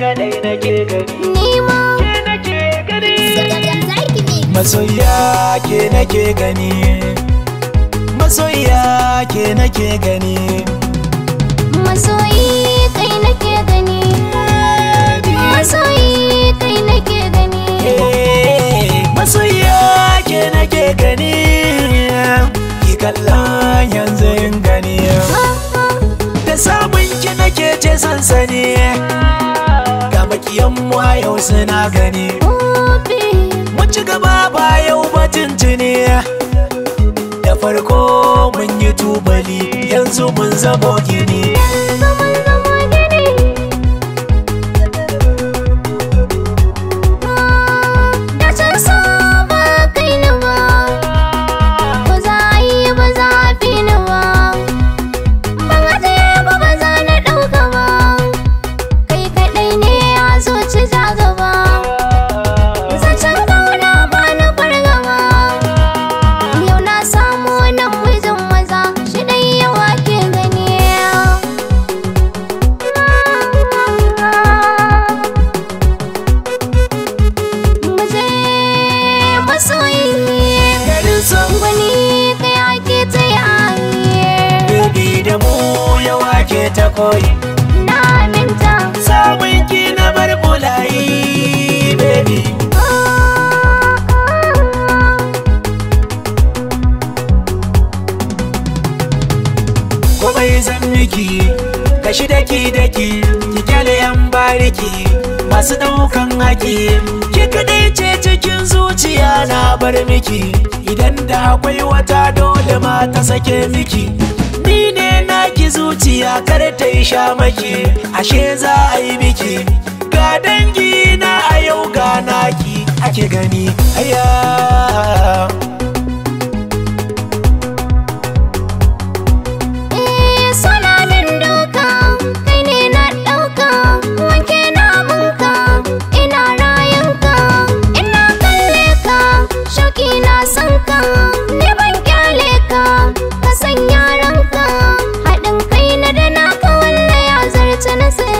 kadai nake gani nima ke nake gani masoya ke nake gani masoya ke nake gani masoyi kai nake gani masoyi kai nake gani eh, masoya ke nake gani ki kalla yanzu gani suna gani mun ci gaba ba yau ba tuntuni da farko mun yi tubali yanzu mun zabo gini ta koyi na aminta sabon ki na bar bulayi baby zan miki kashi daki daki ki kyale yan bariki masu daukan haki ki kadai ce cikin zuciya na bar miki idan da akwai wata dole ma ta sake miki zuciya kar ta yi shamaki ashe za a yi biki ga dangi na a yau ga naki ake gani ¡Sí!